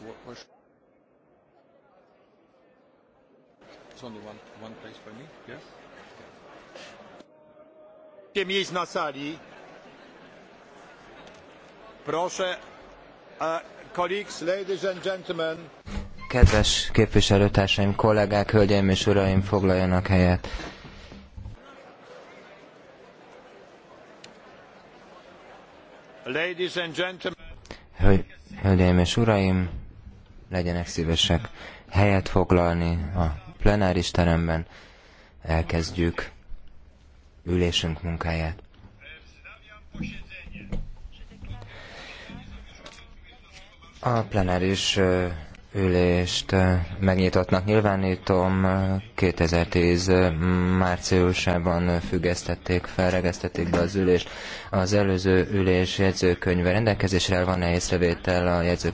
There's only one, one place for me. Yes. na sali. Proszę, uh, colleagues, ladies and gentlemen. Kedves képviselőtársaim, kollégák, hölgyeim és uraim, foglaljanak helyet. Ladies and gentlemen. Hölgyeim és uraim, legyenek szívesek helyet foglalni a plenáris teremben. Elkezdjük ülésünk munkáját. A plenáris ülést megnyitottnak nyilvánítom. 2010 márciusában függesztették, felregesztették be az ülést. Az előző ülés jegyzőkönyve rendelkezésre van-e észrevétel a jegyzőkönyve?